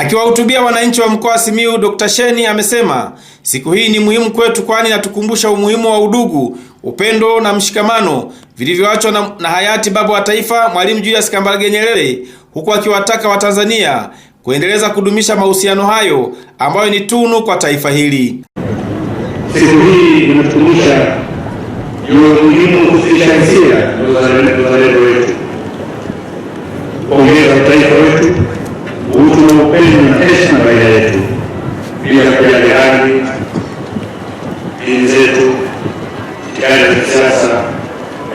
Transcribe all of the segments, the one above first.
Akiwahutubia wananchi wa mkoa wa Simiyu, Dr. Sheni amesema siku hii ni muhimu kwetu, kwani inatukumbusha umuhimu wa udugu, upendo na mshikamano vilivyoachwa na, na hayati baba wa taifa Mwalimu Julius Kambarage Nyerere, huku akiwataka Watanzania kuendeleza kudumisha mahusiano hayo ambayo ni tunu kwa taifa hili. Siku hii inatukumbusha umuhimu wa kufikisha hisia yale yaani ya kisiasa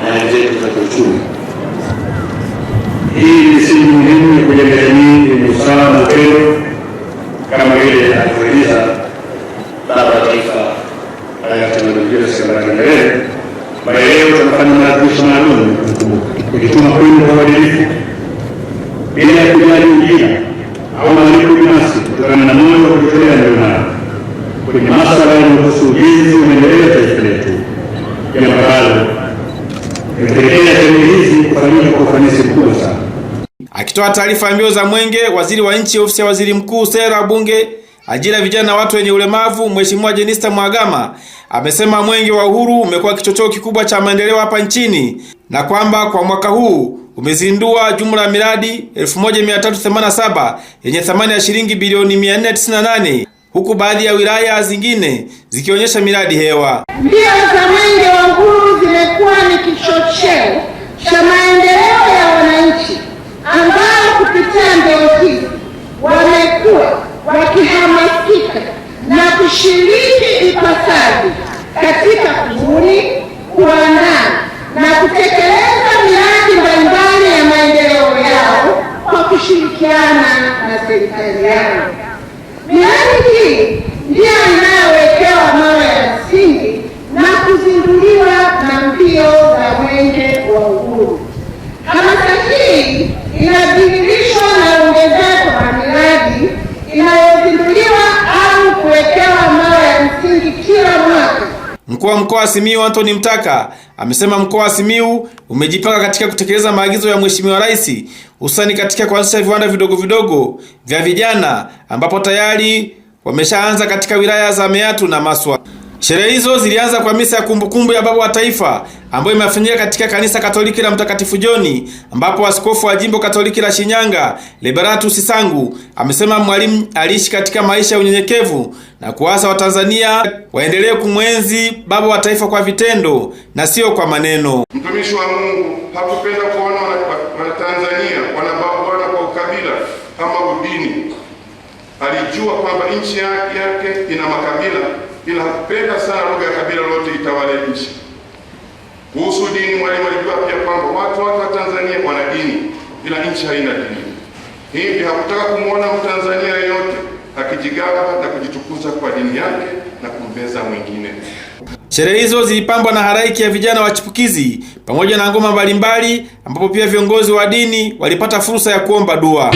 na yale zetu za kiuchumi. Hii ni msingi muhimu ya kujenga jamii yenye usalama na upendo, kama vile alivyoeleza Baba wa Taifa hayati Mwalimu Julius Kambarage Nyerere, ambaye tunafanya maadhimisho maalum kujituma kwenu kwa uadilifu bila ya kujali ujira Akitoa taarifa mbio za Mwenge, waziri wa nchi ofisi ya waziri mkuu, sera, bunge, ajira, vijana na watu wenye ulemavu, Mheshimiwa Jenista Mhagama amesema Mwenge wa Uhuru umekuwa kichocheo kikubwa cha maendeleo hapa nchini na kwamba kwa mwaka huu umezindua jumla ya miradi 1387 yenye thamani ya shilingi bilioni 498 huku baadhi ya wilaya zingine zikionyesha miradi hewa. vizuri, kuandaa na kutekeleza miradi mbalimbali ya maendeleo yao kwa kushirikiana na serikali yao. Miradi hii ndiyo inayowekewa mawe ya msingi wa mkoa wa Simiyu Anthony Mtaka amesema mkoa wa Simiyu umejipanga katika kutekeleza maagizo ya Mheshimiwa Rais hususani katika kuanzisha viwanda vidogo vidogo vya vijana ambapo tayari wameshaanza katika wilaya za Meatu na Maswa. Sherehe hizo zilianza kwa misa ya kumbukumbu ya baba wa taifa ambayo imefanyika katika kanisa Katoliki la Mtakatifu Joni, ambapo askofu wa jimbo Katoliki la Shinyanga Liberatus Sisangu amesema Mwalimu aliishi katika maisha ya unyenyekevu na kuasa Watanzania waendelee kumwenzi baba wa taifa kwa vitendo na sio kwa maneno. Mtumishi wa Mungu hakupenda kuona Watanzania wanabaguana kwa ukabila ama udini. Alijua kwamba nchi yake ina makabila inapenda sana lugha ya kabila lote itawale nchi. Kuhusu dini, mwalimu alijua pia kwamba watu wote wa Tanzania wana dini, ila nchi haina dini. Hivi hakutaka kumwona Mtanzania yeyote akijigawa na kujitukuza kwa dini yake na kumbeza mwingine. Sherehe hizo zilipambwa na haraiki ya vijana wachipukizi pamoja na ngoma mbalimbali, ambapo pia viongozi wa dini walipata fursa ya kuomba dua.